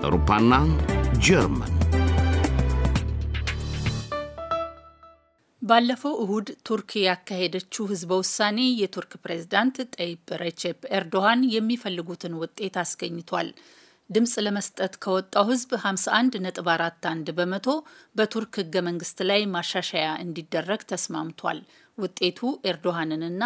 አውሮፓና ጀርመን ባለፈው እሁድ ቱርክ ያካሄደችው ህዝበ ውሳኔ የቱርክ ፕሬዝዳንት ጠይብ ረቼፕ ኤርዶሃን የሚፈልጉትን ውጤት አስገኝቷል። ድምፅ ለመስጠት ከወጣው ህዝብ 51 41 በመቶ በቱርክ ህገ መንግስት ላይ ማሻሻያ እንዲደረግ ተስማምቷል። ውጤቱ ኤርዶሃንንና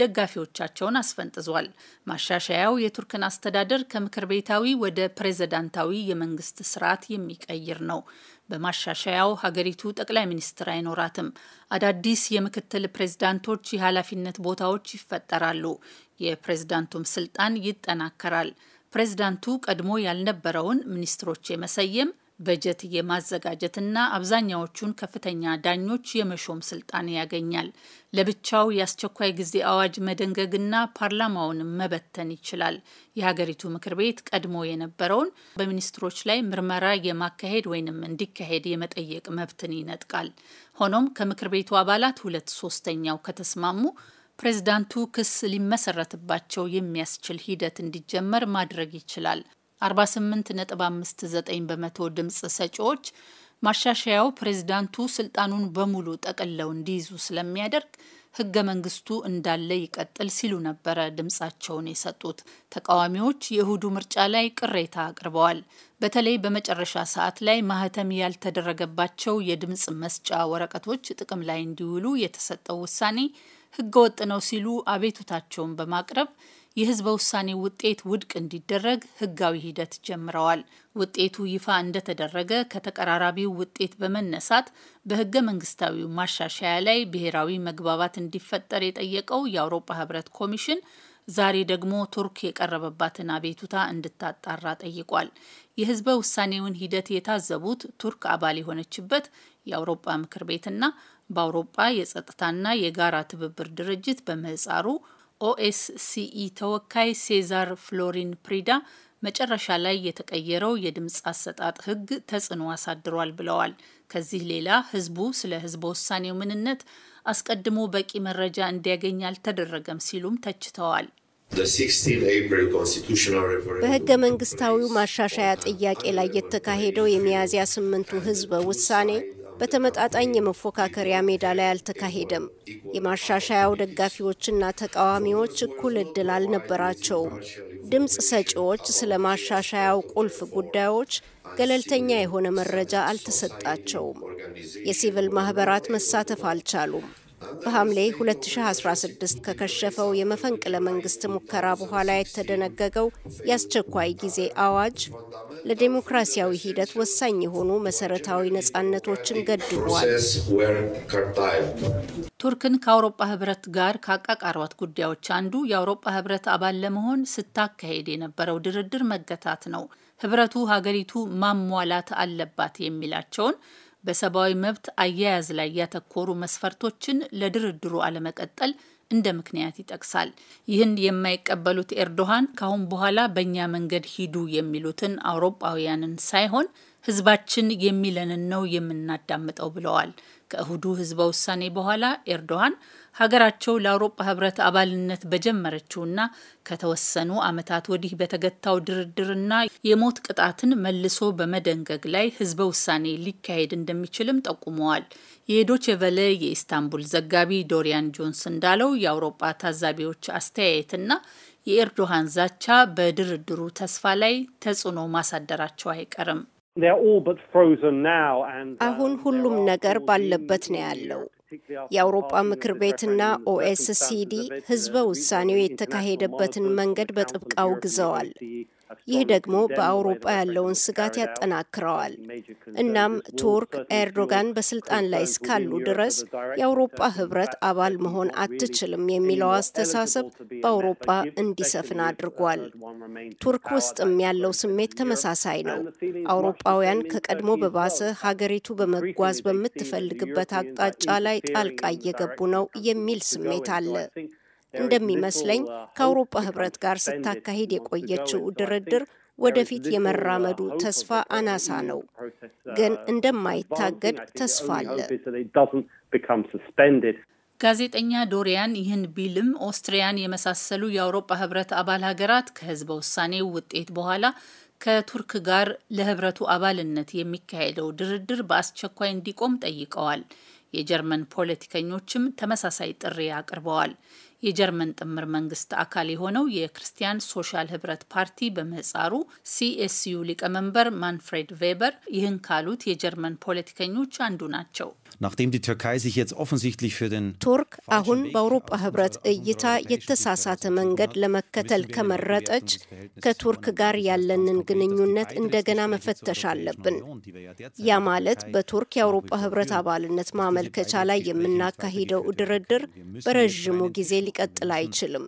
ደጋፊዎቻቸውን አስፈንጥዟል። ማሻሻያው የቱርክን አስተዳደር ከምክር ቤታዊ ወደ ፕሬዝዳንታዊ የመንግስት ስርዓት የሚቀይር ነው። በማሻሻያው ሀገሪቱ ጠቅላይ ሚኒስትር አይኖራትም። አዳዲስ የምክትል ፕሬዝዳንቶች የኃላፊነት ቦታዎች ይፈጠራሉ። የፕሬዝዳንቱም ስልጣን ይጠናከራል። ፕሬዝዳንቱ ቀድሞ ያልነበረውን ሚኒስትሮች የመሰየም በጀት የማዘጋጀትና አብዛኛዎቹን ከፍተኛ ዳኞች የመሾም ስልጣን ያገኛል። ለብቻው የአስቸኳይ ጊዜ አዋጅ መደንገግና ፓርላማውን መበተን ይችላል። የሀገሪቱ ምክር ቤት ቀድሞ የነበረውን በሚኒስትሮች ላይ ምርመራ የማካሄድ ወይንም እንዲካሄድ የመጠየቅ መብትን ይነጥቃል። ሆኖም ከምክር ቤቱ አባላት ሁለት ሶስተኛው ከተስማሙ ፕሬዝዳንቱ ክስ ሊመሰረትባቸው የሚያስችል ሂደት እንዲጀመር ማድረግ ይችላል። 48.59 በመቶ ድምፅ ሰጪዎች ማሻሻያው ፕሬዝዳንቱ ስልጣኑን በሙሉ ጠቅለው እንዲይዙ ስለሚያደርግ ህገ መንግስቱ እንዳለ ይቀጥል ሲሉ ነበረ ድምፃቸውን የሰጡት። ተቃዋሚዎች የእሁዱ ምርጫ ላይ ቅሬታ አቅርበዋል። በተለይ በመጨረሻ ሰዓት ላይ ማህተም ያልተደረገባቸው የድምፅ መስጫ ወረቀቶች ጥቅም ላይ እንዲውሉ የተሰጠው ውሳኔ ህገ ወጥ ነው ሲሉ አቤቱታቸውን በማቅረብ የህዝበ ውሳኔ ውጤት ውድቅ እንዲደረግ ህጋዊ ሂደት ጀምረዋል። ውጤቱ ይፋ እንደተደረገ ከተቀራራቢው ውጤት በመነሳት በህገ መንግስታዊው ማሻሻያ ላይ ብሔራዊ መግባባት እንዲፈጠር የጠየቀው የአውሮፓ ህብረት ኮሚሽን ዛሬ ደግሞ ቱርክ የቀረበባትን አቤቱታ እንድታጣራ ጠይቋል። የህዝበ ውሳኔውን ሂደት የታዘቡት ቱርክ አባል የሆነችበት የአውሮፓ ምክር ቤትና በአውሮፓ የጸጥታና የጋራ ትብብር ድርጅት በምህጻሩ ኦኤስሲኢ ተወካይ ሴዛር ፍሎሪን ፕሪዳ መጨረሻ ላይ የተቀየረው የድምፅ አሰጣጥ ሕግ ተጽዕኖ አሳድሯል ብለዋል። ከዚህ ሌላ ህዝቡ ስለ ህዝበ ውሳኔው ምንነት አስቀድሞ በቂ መረጃ እንዲያገኝ አልተደረገም ሲሉም ተችተዋል። በህገ መንግስታዊው ማሻሻያ ጥያቄ ላይ የተካሄደው የሚያዝያ ስምንቱ ህዝበ ውሳኔ በተመጣጣኝ የመፎካከሪያ ሜዳ ላይ አልተካሄደም። የማሻሻያው ደጋፊዎችና ተቃዋሚዎች እኩል እድል አልነበራቸውም። ድምፅ ሰጪዎች ስለ ማሻሻያው ቁልፍ ጉዳዮች ገለልተኛ የሆነ መረጃ አልተሰጣቸውም። የሲቪል ማህበራት መሳተፍ አልቻሉም። በሐምሌ 2016 ከከሸፈው የመፈንቅለ መንግስት ሙከራ በኋላ የተደነገገው የአስቸኳይ ጊዜ አዋጅ ለዴሞክራሲያዊ ሂደት ወሳኝ የሆኑ መሰረታዊ ነጻነቶችን ገድቧል። ቱርክን ከአውሮፓ ህብረት ጋር ካቃቃሯት ጉዳዮች አንዱ የአውሮፓ ህብረት አባል ለመሆን ስታካሄድ የነበረው ድርድር መገታት ነው። ህብረቱ ሀገሪቱ ማሟላት አለባት የሚላቸውን በሰብአዊ መብት አያያዝ ላይ ያተኮሩ መስፈርቶችን ለድርድሩ አለመቀጠል እንደ ምክንያት ይጠቅሳል። ይህን የማይቀበሉት ኤርዶሃን ካሁን በኋላ በእኛ መንገድ ሂዱ የሚሉትን አውሮፓውያንን ሳይሆን ህዝባችን የሚለንን ነው የምናዳምጠው ብለዋል። ከእሁዱ ህዝበ ውሳኔ በኋላ ኤርዶዋን ሀገራቸው ለአውሮፓ ህብረት አባልነት በጀመረችውና ከተወሰኑ ዓመታት ወዲህ በተገታው ድርድርና የሞት ቅጣትን መልሶ በመደንገግ ላይ ህዝበ ውሳኔ ሊካሄድ እንደሚችልም ጠቁመዋል። የዶቼ ቨለ የኢስታንቡል ዘጋቢ ዶሪያን ጆንስ እንዳለው የአውሮፓ ታዛቢዎች አስተያየትና የኤርዶሃን ዛቻ በድርድሩ ተስፋ ላይ ተጽዕኖ ማሳደራቸው አይቀርም። አሁን um, ሁሉም ነገር ባለበት ነው ያለው። የአውሮጳ ምክር ቤትና ኦኤስሲዲ ህዝበ ውሳኔው የተካሄደበትን መንገድ በጥብቅ አውግዘዋል። ይህ ደግሞ በአውሮፓ ያለውን ስጋት ያጠናክረዋል። እናም ቱርክ ኤርዶጋን በስልጣን ላይ እስካሉ ድረስ የአውሮፓ ህብረት አባል መሆን አትችልም የሚለው አስተሳሰብ በአውሮፓ እንዲሰፍን አድርጓል። ቱርክ ውስጥም ያለው ስሜት ተመሳሳይ ነው። አውሮፓውያን ከቀድሞ በባሰ ሀገሪቱ በመጓዝ በምትፈልግበት አቅጣጫ ላይ ጣልቃ እየገቡ ነው የሚል ስሜት አለ። እንደሚመስለኝ uh, ከአውሮፓ ህብረት ጋር ስታካሄድ የቆየችው ድርድር ወደፊት uh, የመራመዱ ተስፋ አናሳ ነው፣ uh, ግን እንደማይታገድ ተስፋ አለ። ጋዜጠኛ ዶሪያን ይህን ቢልም ኦስትሪያን የመሳሰሉ የአውሮፓ ህብረት አባል ሀገራት ከህዝበ ውሳኔው ውጤት በኋላ ከቱርክ ጋር ለህብረቱ አባልነት የሚካሄደው ድርድር በአስቸኳይ እንዲቆም ጠይቀዋል። የጀርመን ፖለቲከኞችም ተመሳሳይ ጥሪ አቅርበዋል። የጀርመን ጥምር መንግስት አካል የሆነው የክርስቲያን ሶሻል ህብረት ፓርቲ በምህጻሩ ሲኤስዩ ሊቀመንበር ማንፍሬድ ቬበር ይህን ካሉት የጀርመን ፖለቲከኞች አንዱ ናቸው። ቱርክ አሁን በአውሮፓ ህብረት እይታ የተሳሳተ መንገድ ለመከተል ከመረጠች ከቱርክ ጋር ያለንን ግንኙነት እንደገና መፈተሽ አለብን። ያ ማለት በቱርክ የአውሮፓ ህብረት አባልነት ማመልከቻ ላይ የምናካሂደው ድርድር በረዥሙ ጊዜ ሊቀጥል አይችልም።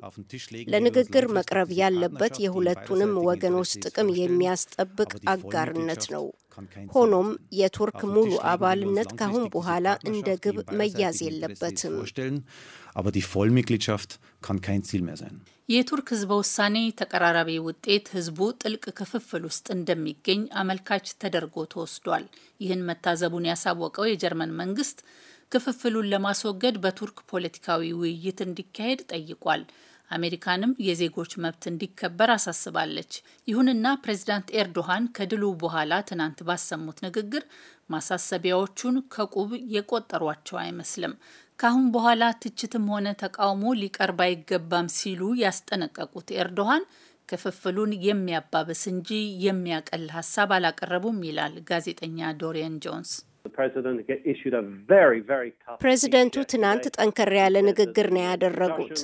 ለንግግር መቅረብ ያለበት የሁለቱንም ወገኖች ጥቅም የሚያስጠብቅ አጋርነት ነው። ሆኖም የቱርክ ሙሉ አባልነት ካሁን በኋላ እንደ ግብ መያዝ የለበትም። የቱርክ ህዝበ ውሳኔ ተቀራራቢ ውጤት ህዝቡ ጥልቅ ክፍፍል ውስጥ እንደሚገኝ አመልካች ተደርጎ ተወስዷል። ይህን መታዘቡን ያሳወቀው የጀርመን መንግስት ክፍፍሉን ለማስወገድ በቱርክ ፖለቲካዊ ውይይት እንዲካሄድ ጠይቋል። አሜሪካንም የዜጎች መብት እንዲከበር አሳስባለች። ይሁንና ፕሬዚዳንት ኤርዶሃን ከድሉ በኋላ ትናንት ባሰሙት ንግግር ማሳሰቢያዎቹን ከቁብ የቆጠሯቸው አይመስልም። ካሁን በኋላ ትችትም ሆነ ተቃውሞ ሊቀርብ አይገባም ሲሉ ያስጠነቀቁት ኤርዶሃን ክፍፍሉን የሚያባብስ እንጂ የሚያቀል ሀሳብ አላቀረቡም ይላል ጋዜጠኛ ዶሪያን ጆንስ። ፕሬዚደንቱ ትናንት ጠንከር ያለ ንግግር ነው ያደረጉት።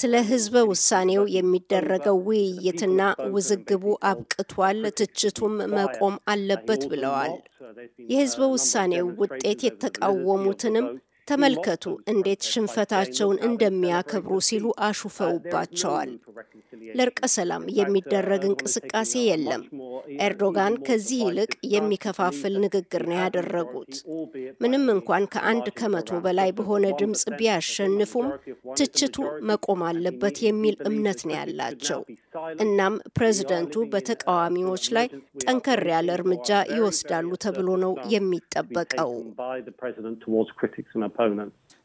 ስለ ህዝበ ውሳኔው የሚደረገው ውይይትና ውዝግቡ አብቅቷል፣ ትችቱም መቆም አለበት ብለዋል። የህዝበ ውሳኔው ውጤት የተቃወሙትንም ተመልከቱ እንዴት ሽንፈታቸውን እንደሚያከብሩ ሲሉ አሹፈውባቸዋል። ለእርቀ ሰላም የሚደረግ እንቅስቃሴ የለም። ኤርዶጋን ከዚህ ይልቅ የሚከፋፍል ንግግር ነው ያደረጉት። ምንም እንኳን ከአንድ ከመቶ በላይ በሆነ ድምፅ ቢያሸንፉም ትችቱ መቆም አለበት የሚል እምነት ነው ያላቸው። እናም ፕሬዝደንቱ በተቃዋሚዎች ላይ ጠንከር ያለ እርምጃ ይወስዳሉ ተብሎ ነው የሚጠበቀው።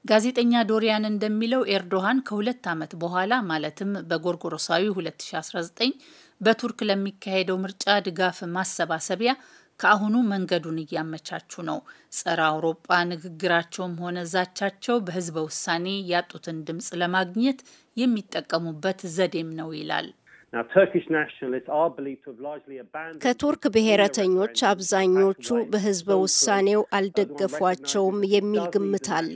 ጋዜጠኛ ዶሪያን እንደሚለው ኤርዶሃን ከሁለት ዓመት በኋላ ማለትም በጎርጎሮሳዊ 2019 በቱርክ ለሚካሄደው ምርጫ ድጋፍ ማሰባሰቢያ ከአሁኑ መንገዱን እያመቻቹ ነው። ጸረ አውሮጳ ንግግራቸውም ሆነ ዛቻቸው በህዝበ ውሳኔ ያጡትን ድምፅ ለማግኘት የሚጠቀሙበት ዘዴም ነው ይላል። ከቱርክ ብሔረተኞች አብዛኞቹ በህዝበ ውሳኔው አልደገፏቸውም የሚል ግምት አለ።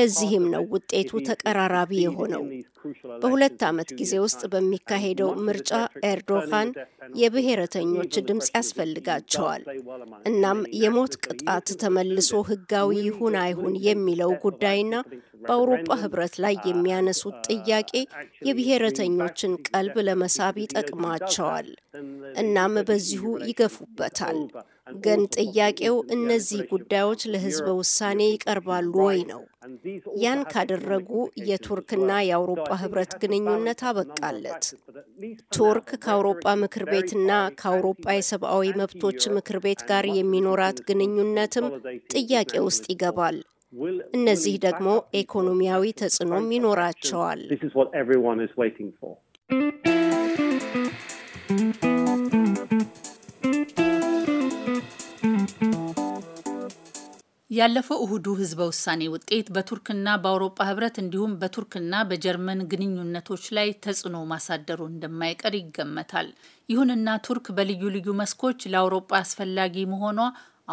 ለዚህም ነው ውጤቱ ተቀራራቢ የሆነው። በሁለት ዓመት ጊዜ ውስጥ በሚካሄደው ምርጫ ኤርዶሃን የብሔረተኞች ድምፅ ያስፈልጋቸዋል። እናም የሞት ቅጣት ተመልሶ ሕጋዊ ይሁን አይሁን የሚለው ጉዳይና በአውሮፓ ህብረት ላይ የሚያነሱት ጥያቄ የብሔረተኞችን ቀልብ ለመሳብ ይጠቅማቸዋል። እናም በዚሁ ይገፉበታል። ግን ጥያቄው እነዚህ ጉዳዮች ለህዝበ ውሳኔ ይቀርባሉ ወይ ነው። ያን ካደረጉ የቱርክና የአውሮፓ ህብረት ግንኙነት አበቃለት። ቱርክ ከአውሮፓ ምክር ቤትና ከአውሮፓ የሰብአዊ መብቶች ምክር ቤት ጋር የሚኖራት ግንኙነትም ጥያቄ ውስጥ ይገባል። እነዚህ ደግሞ ኢኮኖሚያዊ ተጽዕኖም ይኖራቸዋል። ያለፈው እሁዱ ህዝበ ውሳኔ ውጤት በቱርክና በአውሮፓ ህብረት እንዲሁም በቱርክና በጀርመን ግንኙነቶች ላይ ተጽዕኖ ማሳደሩ እንደማይቀር ይገመታል። ይሁንና ቱርክ በልዩ ልዩ መስኮች ለአውሮፓ አስፈላጊ መሆኗ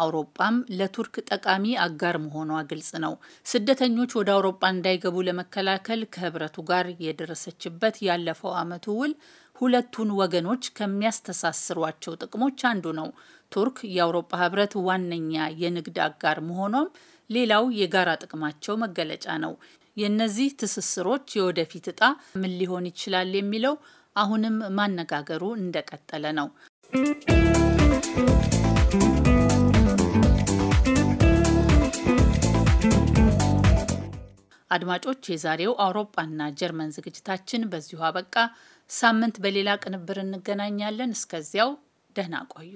አውሮጳም ለቱርክ ጠቃሚ አጋር መሆኗ ግልጽ ነው። ስደተኞች ወደ አውሮጳ እንዳይገቡ ለመከላከል ከህብረቱ ጋር የደረሰችበት ያለፈው ዓመቱ ውል ሁለቱን ወገኖች ከሚያስተሳስሯቸው ጥቅሞች አንዱ ነው። ቱርክ የአውሮፓ ህብረት ዋነኛ የንግድ አጋር መሆኗም ሌላው የጋራ ጥቅማቸው መገለጫ ነው። የእነዚህ ትስስሮች የወደፊት እጣ ምን ሊሆን ይችላል የሚለው አሁንም ማነጋገሩ እንደቀጠለ ነው። አድማጮች፣ የዛሬው አውሮፓና ጀርመን ዝግጅታችን በዚሁ አበቃ። ሳምንት በሌላ ቅንብር እንገናኛለን። እስከዚያው ደህና ቆዩ።